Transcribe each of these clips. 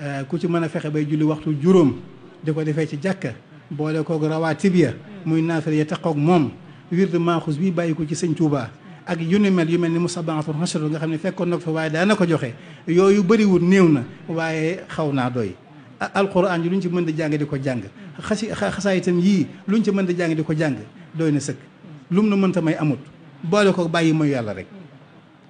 Euh, ku ci mën a fexe bay julli waxtu juróom di ko defee ci jàkka boole koog rawaatib ya muy naafila ya taqoog moom wird maaxus bi bàyyi ko ci sëñ Tuubaa ak yu ni mel yu mel ni musabantul xasr nga xam ne fekkoon na ko fa waaye daana joxe yooyu bëriwul néew na waaye xaw naa doy alquran ji luñ ci mën di jàng di ko jàng xasi xasaayitam yii ñu ci mën di jàng di ko jàng doy na sëkk lum na mënta may amut boole ko bàyyi mooy yàlla rek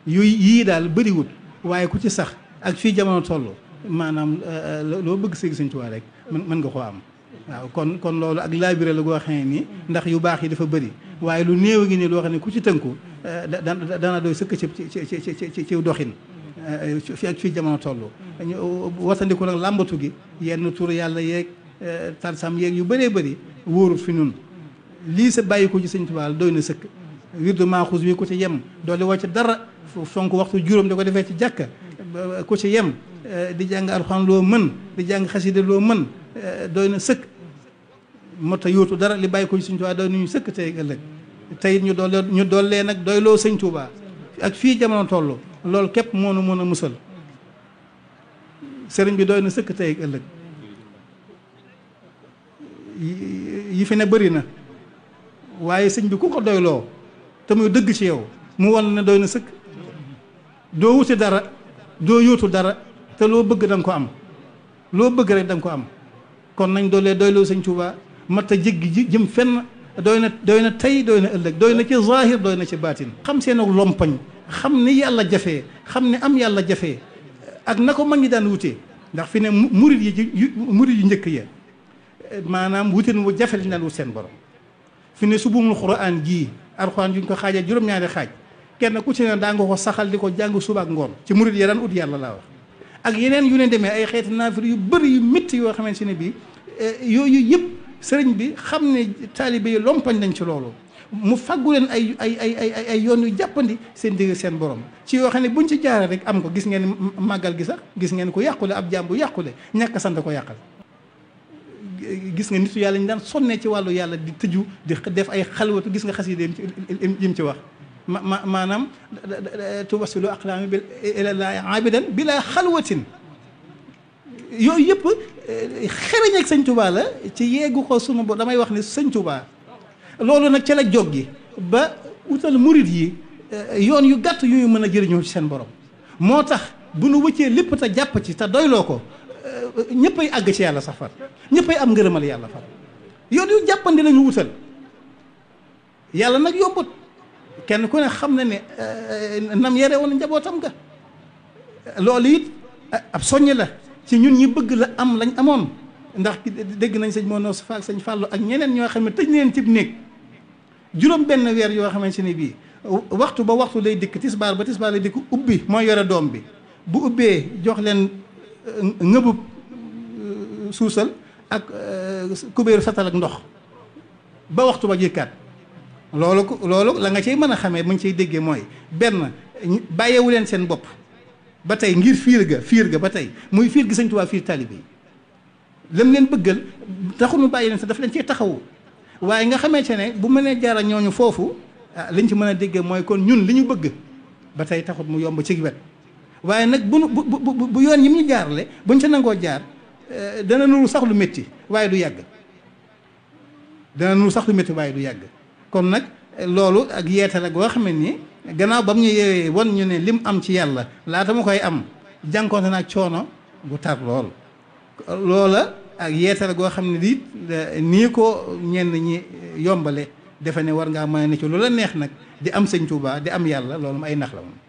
yu yii daal bëriwut waaye ku ci sax ak fii jamono toll maanaam euh, euh, loo bëgg seeg sëñ rek mën nga koo am waaw kon kon loolu ak laabiré la goo xam ni ndax yu baax yi dafa bëri waaye lu néew ngi nii loo xam ne ku ci tënku euh, da dana doy sëkk ci ci ci ci doxin fi ak fii jamono toll wasandiku nag làmbatu gi yenn tur yàlla yeeg tarsam yeeg yu bëree bëri wóorut fi nun lii sa bàyyi ci sëñ Tuubaa doy na sëkk wirdu maaxuus wi ko ci yem doole woo ci dara fonk waxtu juróom da ko defee ci jàkka ku ci yem eh, di jàng alxuraan loo mën di jàng xasida loo mën eh, doy na sëkk mot a yóotu dara li bàyyi ko ci Sëñ Tuubaa doy nañu sëkk tey ëllëg tey ñu doole ñu nag doy loo Sëñ Tuubaa ak fii jamono toll loolu képp moo nu mën a musal sëriñ bi doy na sëkk tey ëllëg yi fi ne bëri na waaye sëñ bi ku ko doyloo te muy dëgg ci yow mu won ne doy na sëkk doo wuti dara doo yóotul dara te loo bëgg da ko am loo bëgg rek danga ko am kon nañ doolee doyloo sëñ Tuuba mat a jéggi jëm fenn doy na doy na tey doy na ëllëg doy na ci zahir doy na ci baatin xam seen ak lompañ xam ni yàlla jafee xam ni am yàlla jafe ak na ko mag ñi daan wutee ndax fi ne murit yi murit yu njëkk ya maanaam wutin wu jafe lañ daan wut seen borom fi ne su buumul xuraan jii alxuraan juñ ko xaajal juróom-ñaari xaaj kenn ku ci ne daa nga ko saxal di ko jàng suba ak ngoon ci murit ya daan ut yàlla laa wax ak yeneen yu ne demee ay xeeti naafir yu bari yu metti yoo xamante ne bii eh, yooyu yëpp sëriñ bi xam ne taalibe yi lompañ nañ ci loolu mu faggu leen ay ay ay ay ay yoon yu jàppandi seen digg seen borom ci yoo xam ne buñ ci jaaree rek am ko gis ngeen màggal gi sax gis ngeen ko yàqule ab jàmbu yàqule ñàkk sant ko yàqal gis nga nitu yàlla ñu daan sonnee ci wàllu yàlla di tëju di def ay xalwatu gi nga xas yi dem ci yim ci wax ما نم توصل أقلامي إلى الله عابدا بلا خلوة يو يب خيرني أحسن توبة لا تيجي أقول خصوصا بعد ما يوقفني أحسن توبة لولو نك تلاك جوجي با وتل مريدي يون يو غات يو من غير نيو سن بروم موتاخ بو نو وتي ليپ تا جاب تي تا دوي لوكو نيباي اغ سي يالا سفر نيباي ام غيرمال يالا فا يون يو جابندي لا نيو وتل يالا نك يوبوت kenn ku ne xam na ne euh, nam yare woon njabootam ga loolu it eh, ab soññ la ci ñun ñi bëgg la am lañ amoon ndax dégg nañ sañ Mor Noo ak sëñ Fàllu ak ñeneen ñoo xam ne tëj leen cib néeg juróom benn weer yoo xamante ne bii waxtu ba waxtu lay dikk tisbaar ba tisbaar lay dikk ubbi mooy yore doom bi bu ubbee jox leen euh, ngëbub euh, suusal ak kubéeru satal ak ndox ba waxtu ba jëkkaat loolu ko loolu la nga cay mën a xamee mu ngi cay déggee mooy benn bàyyewu leen seen bopp ba tey ngir fiir ga fiir ga ba tey muy fiir gi sëñ Tuubaa fiir taalibe yi lam leen bëggal taxul mu bàyyi leen sax daf leen cee taxawu waaye nga xamante ne bu mënee jaara ñooñu foofu ah, liñ ci mën a déggee mooy kon ñun li ñu bëgg ba tey taxut mu yomb ci wet waaye nag bu bu bu bu yoon yi mu ñu jaarale buñ ca nangoo jaar eh, dana sax lu métti waaye du yàgg dana nuru sax lu métti waaye du yàgg. kon nag loolu ak yeete la goo xam ni gannaaw ba mu ñu yewee wan ñu ne lim am ci yàlla laata mu koy am jànkoonte nag coono bu tar lool loola ak yeete la goo xam ne lii eh, nii ko ñenn ñi yombale defe ne war ngaa mën a ne ci lu la neex nag di am sëñ Tuubaa di am yàlla loolu ay nax la moom